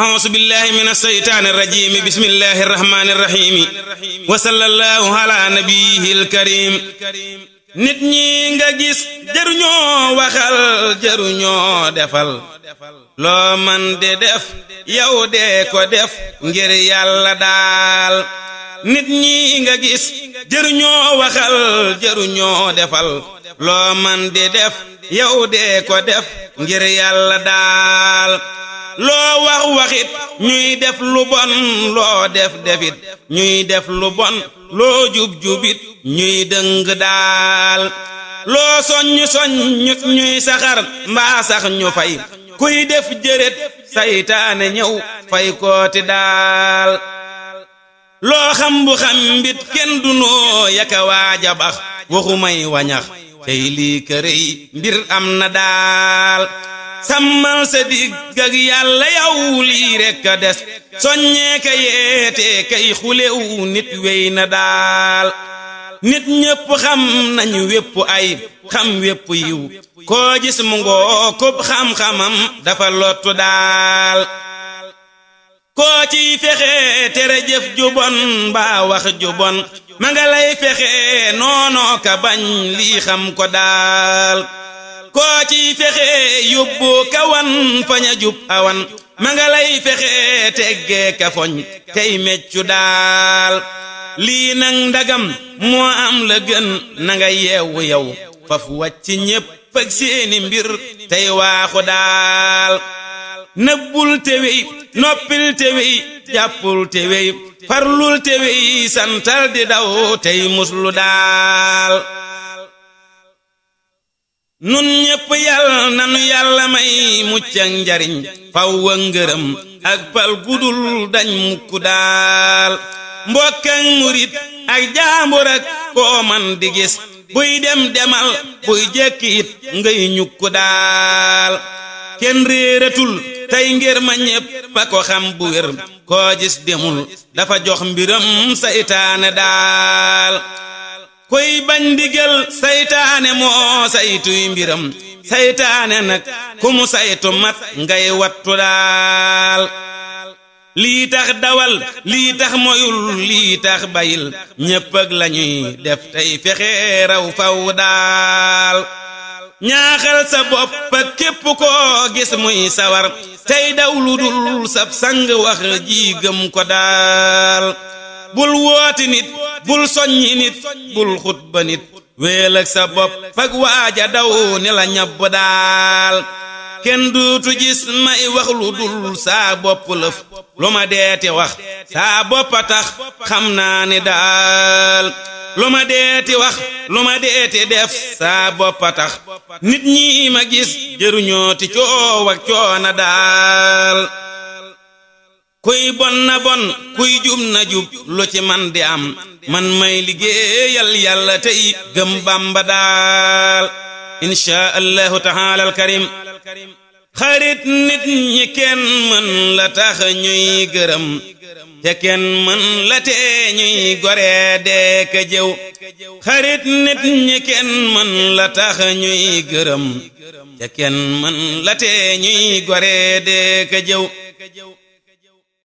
أعوذ بالله من الشيطان الرجيم بسم الله الرحمن الرحيم وصلى الله على نبيه الكريم nit ñi nga gis jëruñoo waxal jëruñoo defal loo man de def yow dee ko def ngir yàlla daal nit ñi nga gis jëruñoo waxal jëruñoo defal loo man de def yow dee ko def ngir yàlla daal wax waxit ñuy def lu bon loo def defit ñuy def lu bon loo jub jubit ñuy dëng daal loo soññ soññ ñuy saxar mbaa sax ñu fay kuy def jërét saytaane ñëw fay kooti daal loo xam bu kenn du noo yaka waaja waxu may wañax tey lii kërëy mbir am na daal sàmmal sa digg ak yàlla yow lii rekk a des soññee ka yeetee kay xulew nit wey na daal nit ñépp xam nañu wépp ayib xam wépp yiw koo gis mu ngoo kub xam-xamam dafa lottu daal koo ciy fexe tere jëf ju bon wax ju bon fexe noonoo ka bañ lii xam ko daal koo ciy fexe yóbbu faña jub awan ma fexe teggee ka tey meccu daal lii nag ndagam moo am la gën na nga yeewu yow faf ak seeni mbir tey waaxu daal nëbbul tewey noppil tewey jàppul tewey farlul tewey santal di daw tey muslu daal nun ñépp yal nanu yàlla may mucc njariñ faw ak ak pal gudul dañ mukk daal mbokk ak ak jaambur ak di gis buy dem demal buy jekki ngay ñukk daal kenn réeratul tey ngir ma ñépp a ko xam bu wér koo gis demul dafa jox mbiram saytaane daal kuy bañ ndigal saytaane moo saytuy mbiram saytaane nag ku mu saytu mat ngay wattu daal lii tax dawal lii tax moyul lii tax bayil ñépp ak lañuy def tey fexe faw daal ñaaxal sa bopp képp koo gis muy sawar tey daw dul sab sang wax ji ko daal bul wooti nit bul soññi nit bul xutba nit weel ak sa bopp fag waaja daw ni la ñabb daal kenn duutu gis may wax lu dul saa bopp lëf lu ma deeti wax saa bopp tax xam naa ni daal lu ma deeti wax lu ma deeti def saa bopp tax nit ñi ma gis jëruñooti coow ak coona daal kuy bon na bon kuy jub na jub lu ci man di am man may liggéeyal yàlla tey gëm bàmba daal inshaa allahu taala al karim xarit nit ñi kenn mën la tax ñuy gërëm te kenn mën la tee ñuy gore ka jëw xarit nit ñi kenn mën la tax ñuy gërëm te kenn mën la tee ñuy gore ka jëw